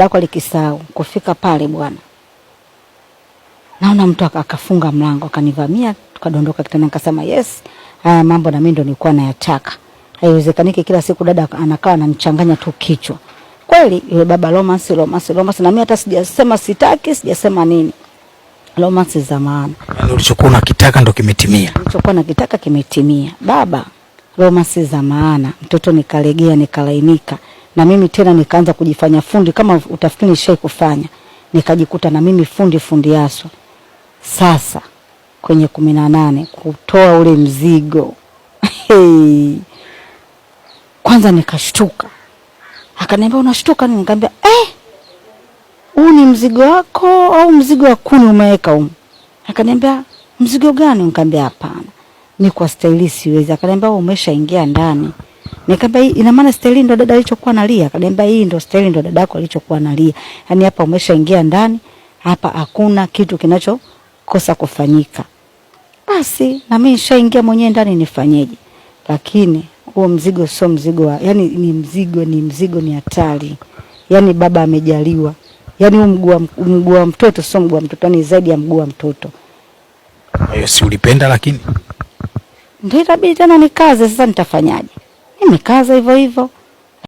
lako likisahau kufika pale bwana, naona mtu akafunga mlango akanivamia, tukadondoka kitana, nikasema yes, haya mambo na mimi ndo nilikuwa nayataka. Haiwezekaniki kila siku dada anakaa ananichanganya tu kichwa. Kweli yule baba romance, romance, romance, na mimi hata sijasema sitaki, sijasema nini, romance za maana. Yaani ulichokuwa unakitaka ndo kimetimia, ulichokuwa nakitaka kimetimia, baba romance za maana. Mtoto nikalegea, nikalainika na mimi tena nikaanza kujifanya fundi kama utafikiri nishai kufanya, nikajikuta na mimi fundi fundi yaso. Sasa kwenye kumi na nane kutoa ule mzigo hey. Kwanza nikashtuka, akaniambia unashtuka nini? Nikamwambia eh, huu ni mzigo wako au mzigo wa kuni umeweka huko? Akaniambia mzigo gani? Nikamwambia hapana, ni kwa staili siwezi. Akaniambia umeshaingia ndani Nikamba hii ina maana Steli ndo dada alichokuwa analia. Akaniambia hii ndo Steli ndo dada yako alichokuwa analia. Yaani hapa umeshaingia ndani, hapa hakuna kitu kinachokosa kufanyika. Basi na mimi nishaingia mwenyewe ndani nifanyeje? Lakini huo mzigo sio mzigo wa, yani ni mzigo ni mzigo ni hatari. Yaani baba amejaliwa. Yaani huo mguu wa mtoto sio mguu wa mtoto, ni yaani zaidi ya mguu wa mtoto. Kwa hiyo si ulipenda lakini? Ndio itabidi tena nikaze sasa nitafanyaje? em minha casa e vou e vou.